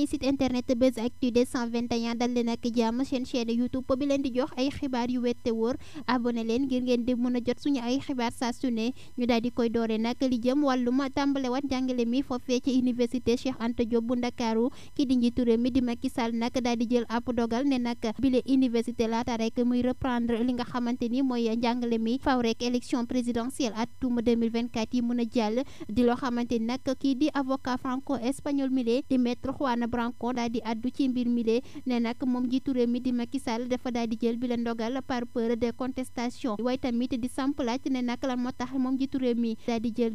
ami site internet Buzz Actu 221 dal leen ak jàmm seen chaîne YouTube bi leen di jox ay xibaar yu wér te wóor leen ngir ngeen di mën a jot suñu ay xibaar saa su ñu daal di koy doore nag li jëm wàllum tàmbalewaat njàngale mi foofee ci université Cheikh Anta Diop bu Ndakaaru ki di njiitu réew mi di Macky Sall nag jël ab dogal ne nag bile université laata rek muy reprendre li nga xamante ni mooy njàngale mi faw rek élection présidentielle atum 2024 yi mën a jàll di loo xamante ni nag kii di avocat Branco daal di addu ci mbir mi lee ne nag moom jiitu réew mi di Macky Sall dafa daal di jël bi la ndogal par peur de contestation waaye tamit di samp laaj ne nag lan moo tax moom jiitu réew mi di jël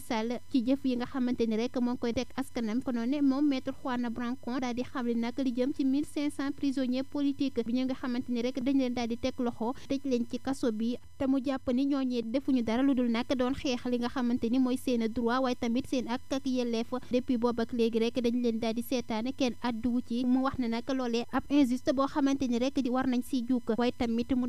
Macky Sall ci jëf yi nga xamante ni moo ngi koy teg askanam ko moom maître Juana Branco daal di xamle nag li jëm ci 1500 prisonniers politiques bi ñu nga xamante ni rek leen daal di teg loxo tëj leen ci kaso bi te li nga xamante mooy seen droit waaye tamit seen ak ak yelleef depuis boobu léegi rek dañ leen daal di seetaan kenn àddu ci mu wax ne nag loolee ab injuste boo xamante ni war nañ si jukk waaye tamit mu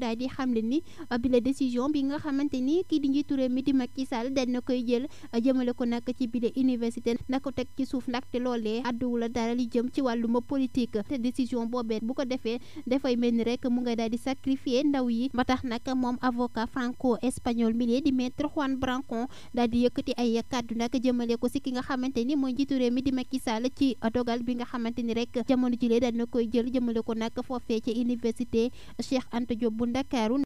jëmale ko nag ci bile université na ko teg ci suuf ndaxte loolee àdduwula dara li jëm ci wàllum politique te décision boobee bu ko defee dafay mel ni rek mu nga daal di sacrifier ndaw yi ba tax nag moom avocat franco espagnol milier di maître Juan Branco daal di yëkkati ay kàddu nag jëmale ko si ki nga xamante ni mooy njiitu réew mi di Macky Sall ci dogal bi nga xamante ni rek jamono jilee daal na koy jël jëmale ko nag foofee ci université Cheikh Anta Diop bu Ndakaaru